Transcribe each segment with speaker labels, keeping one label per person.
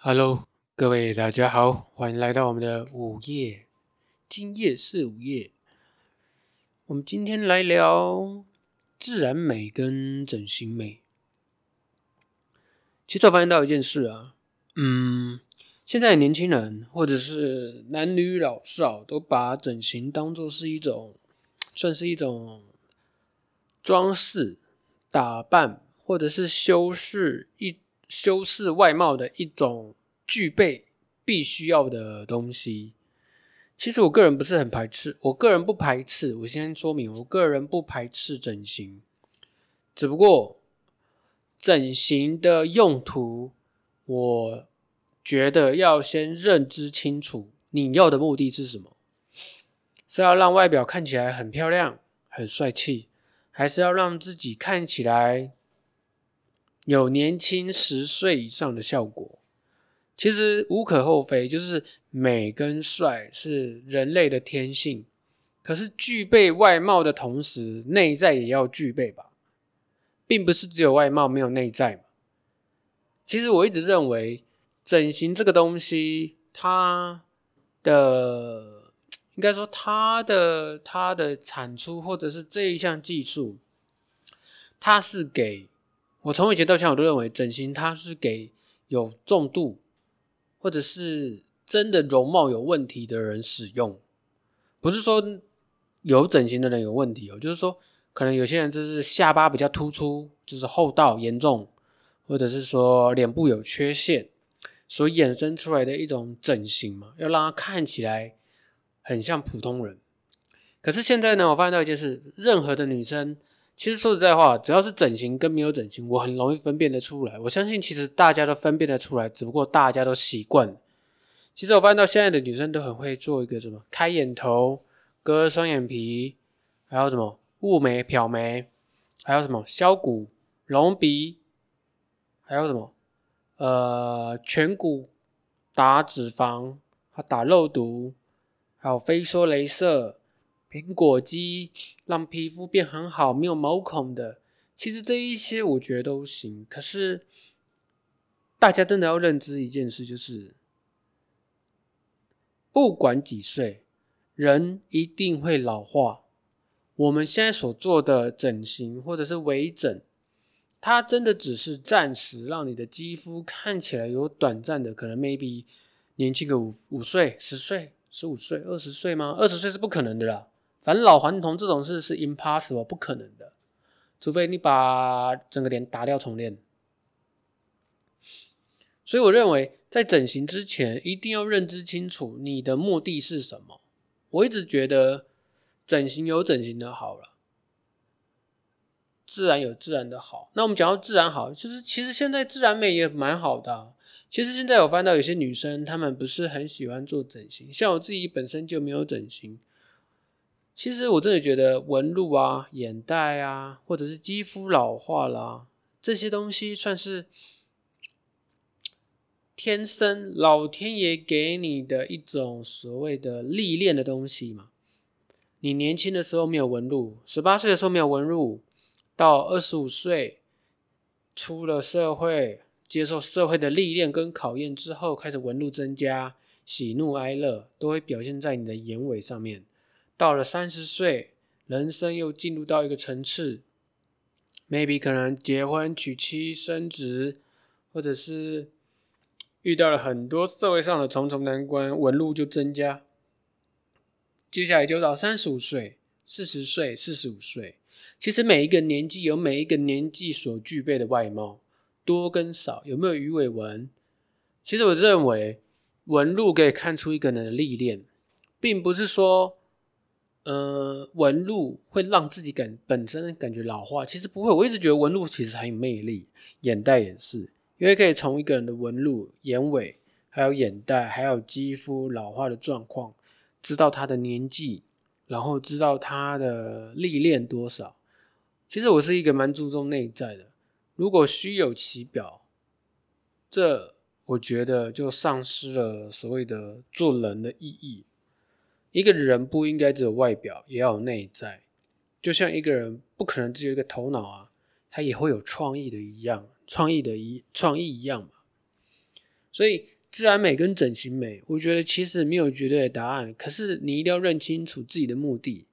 Speaker 1: Hello，各位大家好，歡迎來到我們的午夜。今夜是午夜，我們今天來聊自然美跟整形美。其實我發現到一件事啊，嗯，現在年輕人或者是男女老少都把整形當作是一種，算是一種裝飾、打扮或者是修飾一修飾外貌的一種具備必須要的東西，其實我個人不是很排斥，我個人不排斥。我先說明，我個人不排斥整形，只不過整形的用途，我覺得要先認知清楚，你要的目的是什麼？是要讓外表看起來很漂亮、很帥氣，還是要讓自己看起來。有年輕十歲以上的效果，其實無可厚非。就是美跟帥是人類的天性，可是具備外貌的同時，內在也要具備吧，並不是只有外貌沒有內在嘛。其實我一直認為，整形這個東西，它的應該說它的它的產出或者是這一項技術，它是給。我從以前到現在，我都認為整形它是給有重度或者是真的容貌有問題的人使用，不是說有整形的人有問題哦，就是說可能有些人就是下巴比較突出，就是戽斗嚴重，或者是說臉部有缺陷，所衍生出來的一種整形嘛，要讓它看起來很像普通人。可是現在呢，我發現到一件事，任何的女生。其實說實在話，只要是整形跟沒有整形，我很容易分辨得出來。我相信其實大家都分辨得出來，只不過大家都習慣。其實我發現到現在的女生都很會做一個什麼開眼頭、割雙眼皮，還有什麼霧眉、漂眉，還有什麼削骨、隆鼻，還有什麼呃顴骨打脂肪、還打肉毒，還有飛梭鐳射。蘋果肌讓皮膚變很好，沒有毛孔的，其實這一些我覺得都行。可是，大家真的要認知一件事，就是不管幾歲，人一定會老化。我們現在所做的整形或者是微整，它真的只是暫時讓你的肌膚看起來有短暫的可能，maybe 年輕個五五歲、十歲、十五歲、二十歲嗎？二十歲是不可能的啦。返老還童這種事是 impossible，不可能的，除非你把整個臉打掉重練。所以我認為，在整形之前一定要認知清楚你的目的是什麼。我一直覺得，整形有整形的好了，自然有自然的好。那我們講到自然好，就是其實現在自然美也蠻好的啊。其實現在我發現到有些女生，她們不是很喜歡做整形，像我自己本身就沒有整形。其實我真的覺得紋路啊、眼袋啊，或者是肌膚老化啦，這些東西算是天生老天爺給你的一種所謂的歷練的東西嘛。你年輕的時候沒有紋路，十八歲的時候沒有紋路，到二十五歲出了社會，接受社會的歷練跟考驗之後，開始紋路增加，喜怒哀樂都會表現在你的眼尾上面。到了三十歲，人生又進入到一個層次，maybe 可能結婚、娶妻、生子，或者是遇到了很多社會上的重重難關，紋路就增加。接下來就到三十五歲、四十歲、四十五歲，其實每一個年紀有每一個年紀所具備的外貌多跟少，有沒有魚尾紋？其實我認為紋路可以看出一個人的歷練，並不是說。呃，紋路會讓自己感本身感覺老化，其實不會。我一直覺得紋路其實很有魅力，眼袋也是，因為可以從一個人的紋路、眼尾，還有眼袋，還有肌膚老化的狀況，知道他的年紀，然後知道他的歷練多少。其實我是一個蠻注重內在的，如果虛有其表，這我覺得就喪失了所謂的做人的意義。一個人不應該只有外表，也要有內在。就像一個人不可能只有一個頭腦啊，他也會有創意的一樣，創意的一創意一樣嘛。所以自然美跟整形美，我覺得其實沒有絕對的答案。可是你一定要認清楚自己的目的。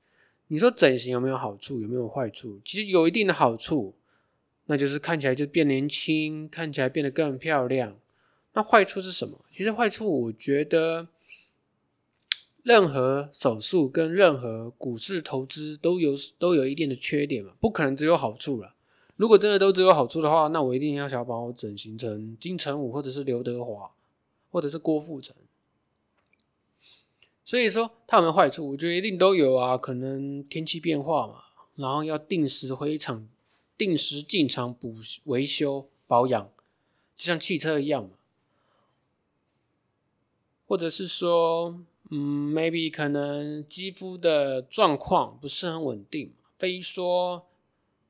Speaker 1: 你說整形有沒有好處？有沒有壞處？其實有一定的好處，那就是看起來就變年輕，看起來變得更漂亮。那壞處是什麼？其實壞處我覺得。任何手術跟任何股市投資都有都有一定的缺點嘛，不可能只有好處了。如果真的都只有好處的話，那我一定要想把我整形成金城武，或者是劉德華，或者是郭富城。所以說它有沒有壞處？我覺得一定都有啊。可能天氣變化嘛，然後要定時回廠、定時進場補維修保養，就像汽車一樣嘛，或者是說。嗯，maybe 可能肌膚的狀況不是很穩定，飛梭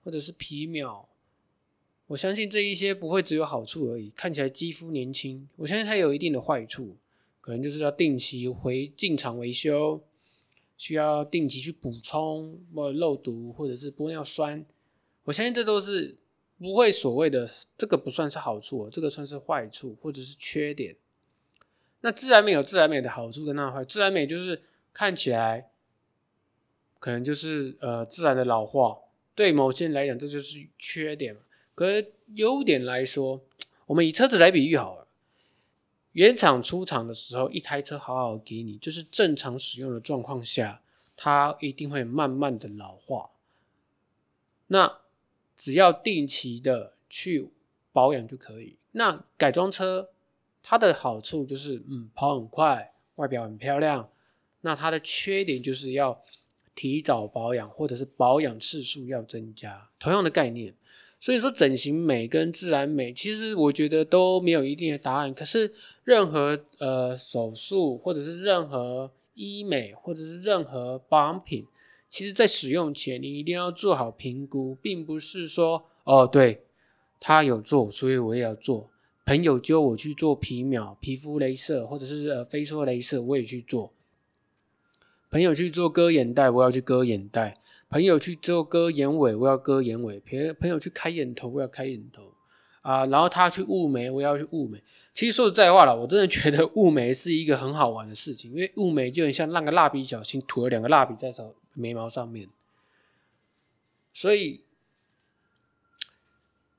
Speaker 1: 或者是皮秒，我相信這一些不會只有好處而已。看起來肌膚年輕，我相信它有一定的壞處，可能就是要定期回進廠維修，需要定期去補充，或肉毒或者是玻尿酸。我相信這都是不會所謂的，這個不算是好處哦，這個算是壞處或者是缺點。那自然美有自然美的好處跟那壞，自然美就是看起來，可能就是呃自然的老化，對某些人來講這就是缺點嘛。可是優點來說，我們以車子來比喻好了，原廠出廠的時候，一台車好好給你，就是正常使用的狀況下，它一定會慢慢的老化。那只要定期的去保養就可以。那改裝車。它的好處就是，嗯，跑很快，外表很漂亮。那它的缺點就是要提早保養，或者是保養次數要增加。同樣的概念，所以說整形美跟自然美，其實我覺得都沒有一定的答案。可是任何呃手術，或者是任何醫美，或者是任何保養品，其實在使用前你一定要做好評估，並不是說哦，對，他有做，所以我也要做。朋友叫我去做皮秒、皮膚鐳射或者是呃飛梭鐳射，我也去做。朋友去做割眼袋，我要去割眼袋。朋友去做割眼尾，我要割眼尾。別朋友去開眼頭，我要開眼頭。啊，然後他去霧眉，我要去霧眉。其實說實在話啦，我真的覺得霧眉是一個很好玩的事情，因為霧眉就很像那個蠟筆小新塗了兩個蠟筆在頭眉毛上面，所以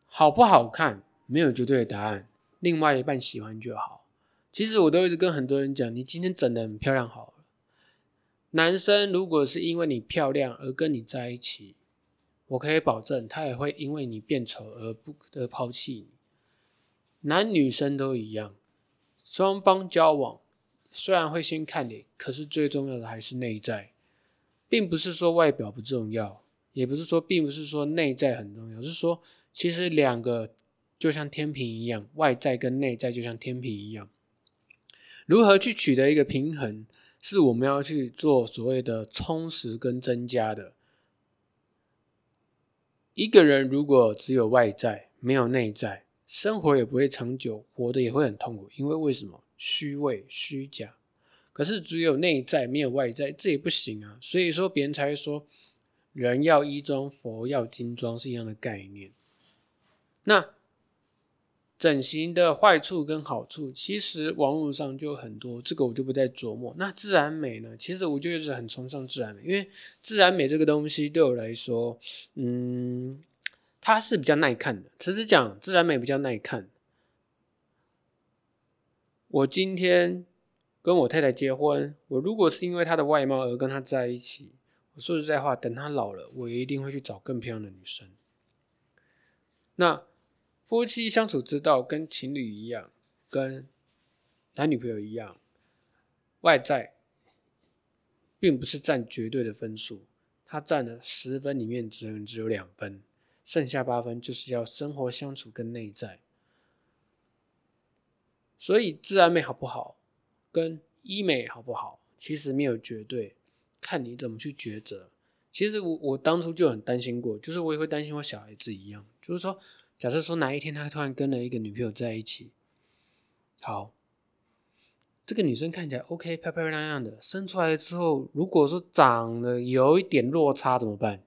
Speaker 1: 好不好看沒有絕對的答案。另外一半喜歡就好。其實我都一直跟很多人講，你今天整得很漂亮好了。男生如果是因為你漂亮而跟你在一起，我可以保證他也會因為你變醜而不得拋棄你。男女生都一樣，雙方交往雖然會先看臉，可是最重要的還是內在，並不是說外表不重要，也不是說並不是說內在很重要，是說其實兩個。就像天平一樣，外在跟內在就像天平一樣，如何去取得一個平衡，是我們要去做所謂的充實跟增加的。一個人如果只有外在，沒有內在，生活也不會長久，活得也會很痛苦。因為為什麼？虛偽、虛假。可是只有內在，沒有外在，這也不行啊。所以說，別人才會說，人要衣裝，佛要金裝，是一樣的概念。那。整形的壞處跟好處，其實網絡上就很多，這個我就不再琢磨。那自然美呢？其實我就一直很崇尚自然美，因為自然美這個東西對我來說，嗯，它是比較耐看的。其實講自然美比較耐看，我今天跟我太太結婚，我如果是因為她的外貌而跟她在一起，我說實在話，等她老了，我也一定會去找更漂亮的女生。那。夫妻相處之道跟情侶一樣，跟男女朋友一樣，外在並不是占絕對的分數，它占了十分裡面只能只有兩分，剩下，八分就是要生活相處跟內在。所以自然美好不好，跟醫美好不好，其實沒有絕對，看你怎麼去抉擇。其實我我當初就很擔心過，就是我也會擔心我小孩子一樣，就是說。假設說哪一天他突然跟了一個女朋友在一起，好，這個女生看起來 OK，漂漂亮亮的，生出來之後，如果說長得有一點落差怎麼辦？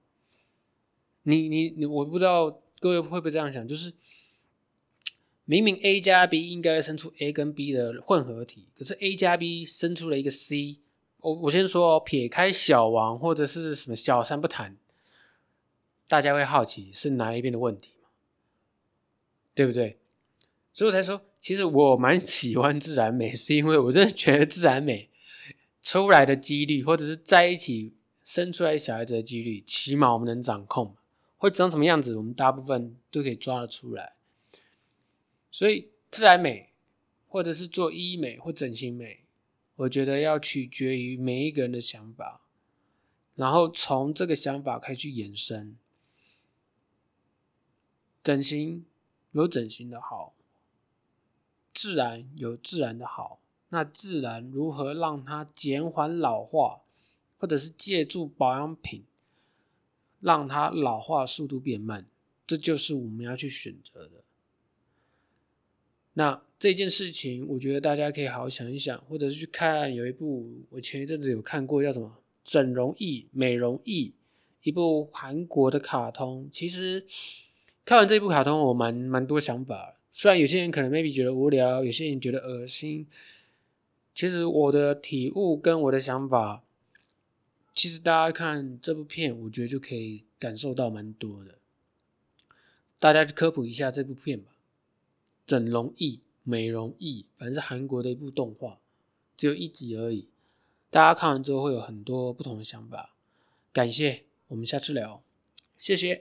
Speaker 1: 你你你，我不知道各位會不會這樣想，就是明明 A 加 B 應該生出 A 跟 B 的混合體，可是 A 加 B 生出了一個 C，我我先說哦、喔，撇開小王或者是什麼小三不談，大家會好奇是哪一邊的問題。對不對？所以我才說，其實我蠻喜歡自然美，是因為我真的覺得自然美出來的幾率，或者是在一起生出來小孩子的幾率，起碼我們能掌控，或長什麼樣子，我們大部分都可以抓得出來。所以自然美，或者是做醫美或整形美，我覺得要取決於每一個人的想法，然後從這個想法可以去延伸整形。有整形的好，自然有自然的好，那自然如何讓它減緩老化，或者是借助保養品讓它老化速度變慢，這就是我們要去選擇的。那這件事情，我覺得大家可以好好想一想，或者是去看有一部我前一陣子有看過，叫什麼《整容液》，《美容液》，一部韓國的卡通，其實。看完這一部卡通我，我蠻蠻多想法。雖然有些人可能 maybe 覺得無聊，有些人覺得噁心。其實我的體悟跟我的想法，其實大家看這部片，我覺得就可以感受到蠻多的。大家去科普一下這部片吧，《整容易，美容易》，反正是韓國的一部動畫，只有一集而已。大家看完之後會有很多不同的想法。感謝，我們下次聊，謝謝。